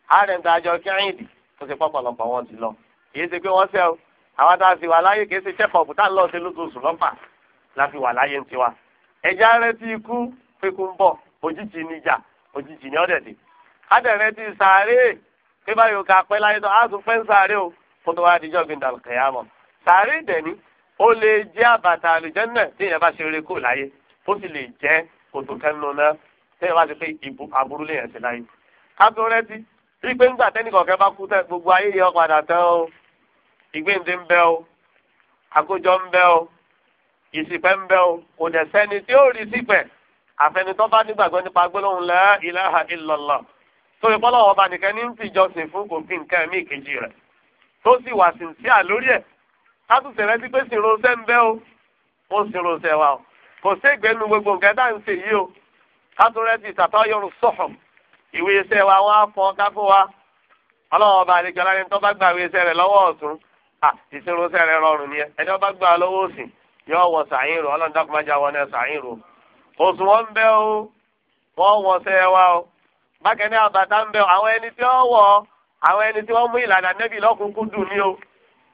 a rẹ̀ tá a jọ kírìndì tó ti pọ̀pọ̀lọpọ̀ wọn ti lọ kìí ṣe pé wọ́n ṣe o àwọn tá a sì wà láyé kìí ṣe check tá a lọ ṣe lóṣooṣù lọ́pà la fi wà láyé ń tiwa ẹ̀já rẹ ti kú fikú ń bọ̀ òjijì níjà òjijì ní ọ̀dẹ̀dẹ̀ adẹ̀rẹ̀ ti sàárè pé báyìí o kà pẹ́ láyé tó a tún fẹ́ sàárè o kó tó wá sàárè dẹ̀ ni ó lè jẹ́ àbàtà àlùjẹ́nà tí èèyàn bá ṣe eré kò láyé ó sì lè jẹ́ kòtò kẹ́nu náà tí èèyàn bá ti pé ìbú aburú lè yàn sí láyé. kátó rẹ́tí rí pé ńgbà tẹ́nìkọ̀kẹ́ bá kú tẹ́ gbogbo ayé yẹn padà tán o ìgbéǹde ń bẹ o àkójọ ń bẹ o ìsìpẹ́ ń bẹ o kò dẹ̀ sẹ́ni tí ó rí sípẹ̀ àfẹnitọ́ bá nígbàgbọ́ nípa gbólóhùn la ilaha illallah torí pọ́lọ́wọ́ ọba nìkan ní ń tìjọsìn fún kò fi nǹkan ká tún ṣe rántí pé sìnrúnṣẹ́ ń bẹ o ó sìnrúnṣẹ́ wa o kò sí ìgbẹ́nu gbogbo nǹkan tá ń ṣe yìí o ká tún rántí ìwé iṣẹ́ wa wá fọ́ ká wa ọlọ́wọ́ ọba àlejò alárin tó bá gba ìwé iṣẹ́ rẹ̀ lọ́wọ́ ọ̀tún à ìṣirúnṣẹ́ rẹ̀ rọrùn ni ẹni ọba gba lọ́wọ́ òsì yóò wọ sàyìnrò ọlọ́run dákun máa já wọn náà sàyìnrò òsùn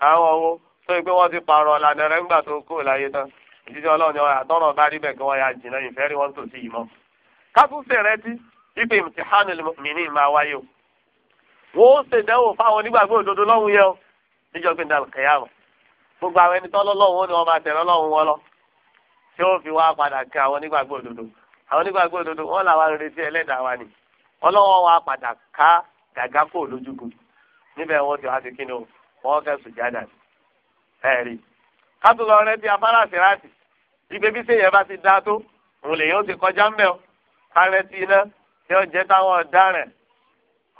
àwọn wo tó yẹ pé wọ́n ti pààrọ̀ ọ̀làdẹ ńgbà tó kó láyé tán ìdíjọ́ ọlọ́run ni bá rí bẹ́ẹ̀ kí wọ́n ya jìnnà ìfẹ́ rí wọ́n tó sí yìí mọ́. kátúnṣe ti ipe imtihanu mìíní máa wáyé o wọ́n ó ṣèdánwò fáwọn onígbàgbọ́ òdodo lọ́hùn yẹn o níjọ́ gbé gbogbo àwọn ẹni tọ́lọ́ lọ́hùn ó ní wọ́n máa tẹ̀lé wọn lọ tí ó fi wá padà àwọn onígbàgbọ́ òdodo àwọn onígbàgbọ́ wa ni ọlọ́wọ́ wa padà ká wọ́n kẹ́ sùjádà ẹ̀rí. kátó lọ rẹ́ ti afárá síráàtì ibi sèyẹ bá ti dá tó òun yóò ti kọjá ń bẹ̀ ọ́ kárẹ́ ti iná tí ó jẹ́ táwọn ọ̀daràn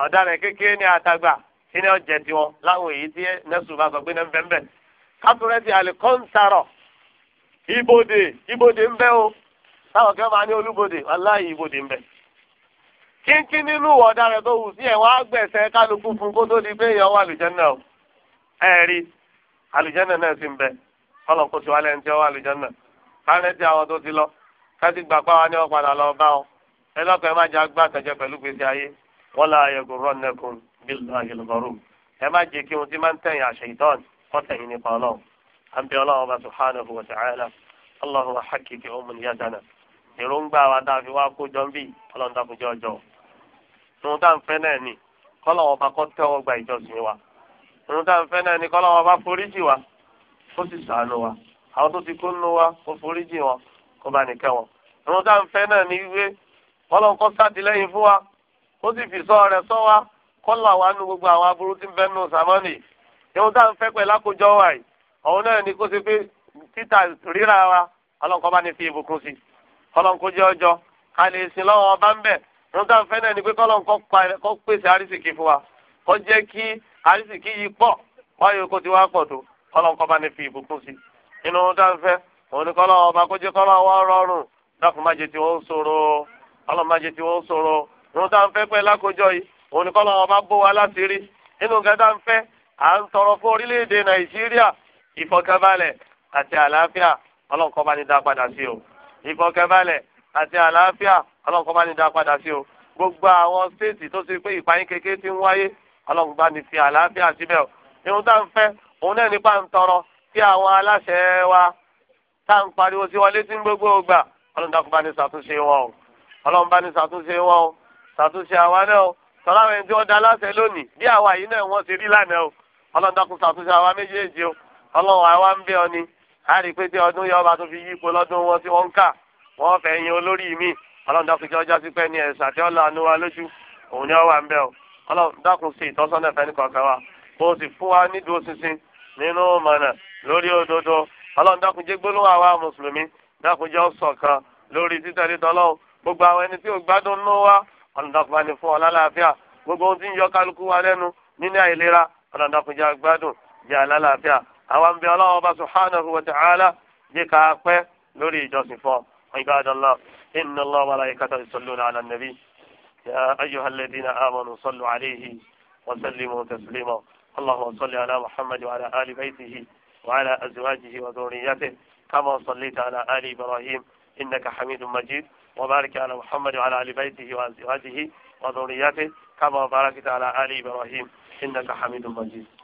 ọ̀daràn kékeré àtàgbà kí ni ó jẹ́ tiwọn láwọn èyí tí nẹ́sùn bá sọ pé ní kátó rẹ́ ti àlìkọ́ńtàrọ̀ ibodè ibodè ń bẹ́ o táwọn kẹ́ máa ní olúbodè aláì ibodè ń bẹ́ nínú ọ̀daràn tó wù sí ẹ̀ wọ́n á gbẹ̀sẹ̀ ẹ̀rí àlùjánnà náà sì ń bẹ kọ́lọ̀ kó tiwa lẹ́yìn tí ó àlùjánnà tí àwọn tó ti lọ káti gbà pàwọn ni wọ́n lọ bá wọn ẹlọ́kọ̀ ẹ má jẹ́ agbá àtẹ̀jẹ́ pẹ̀lú gbèsè ayé wọ́n la ayẹ̀gùn rọ́ọ̀nẹ́kùn billahi al-gharur ẹ má jẹ́ kí máa ń tẹ̀yìn kọ́tẹ̀yìn nípa ọlọ́run èròǹgbà wa tá a fi wá ń bì ọlọ́run nù tá fẹ́ náà ni kọ́lọ́wọ́ kọ́ tẹ́wọ́ òun tá à ń fẹ́ náà ni kọ́lọ́wọ́ bá foríjì wa ó sì sàánú wa àwọn tó ti kó nínú wa kó foríjì wọn kó bá nìkẹ́ wọn òun tá à fẹ́ náà ni wípé kọ́lọ́wọ́ kó sátìlẹ́yìn fún wa ó sì fi sọ rẹ̀ sọ wa kọ́lọ́ àwa nu gbogbo àwọn aburú tí ń fẹ́ nù sàmọ́nì òun tá à fẹ́ pẹ̀lú àkójọ wa yìí òun náà ni kó ṣe pé títà ríra wa kọ́lọ́wọ́ kó bá ní fi ìbùkún sí kọ́lọ́wọ́ kó jẹ́ ọjọ́ ká jẹ́ kí àrísìkí yìí pọ̀ wáyé kó ti wá pọ̀ tó kọ́lọ́n kọ́ bá ní fi ìbùkún sí inú tá a fẹ́ òun ni kọ́lọ́n ọba kó jẹ́ kọ́lọ́n wá rọrùn dákun má wọ́n má wọ́n inú tá ọba bó wa láti rí inú nǹkan a tọrọ fún orílẹ̀-èdè nàìjíríà àti àlàáfíà kọ́ o àti àlàáfíà ọlọ́run bá ní fi àlàáfíà síbẹ̀ o irun tá à ń fẹ́ òun náà nípa ń tọrọ tí àwọn aláṣẹ wa tá à ń pariwo sí wọlé tí ń gbogbo ògbà ọlọ́run dákun bá ní ṣàtúnṣe wọn o ọlọ́run bá ní ṣàtúnṣe wọn o ṣàtúnṣe àwa náà o tọ́lá àwọn ẹni tí wọ́n da aláṣẹ lónìí bí àwa yìí náà wọ́n ti rí lánàá o ọlọ́run dákun ṣàtúnṣe àwa méjèèjì o ọlọ́run àwa ń bẹ ọ ni a rí i pé tí ọdún yọ ọba tó fi yípo lọ́dún wọn tí wọ́n ń kà wọ́n fẹ́ olórí mi ọlọ́run dákun jẹ́ ọjọ́ sí ni ẹ̀sà tí ọ ọlọ́run dákun sí ìtọ́sọ́nà ẹ̀fẹ́ni kọ̀ọ̀kan wa bó o sì fún wa nídùú sísìn nínú mọ̀nà lórí òdodo ọlọ́run dákun jẹ́ gbólóhùn àwa mùsùlùmí dákun jẹ́ ọ̀sọ̀kan lórí títẹ̀lé tọ́lọ́run gbogbo àwọn ẹni tí ò gbádùn wa ọlọ́run dákun bá ní fún gbogbo ohun tí ń yọ kálukú wa lẹ́nu nínú àìlera ọlọ́run dákun jẹ́ ji jẹ́ يا أيها الذين آمنوا صلوا عليه وسلموا تسليما اللهم صل على محمد وعلى آل بيته وعلى أزواجه وذريته كما صليت على آل إبراهيم إنك حميد مجيد وبارك على محمد وعلى آل بيته وأزواجه وذريته كما باركت على آل إبراهيم إنك حميد مجيد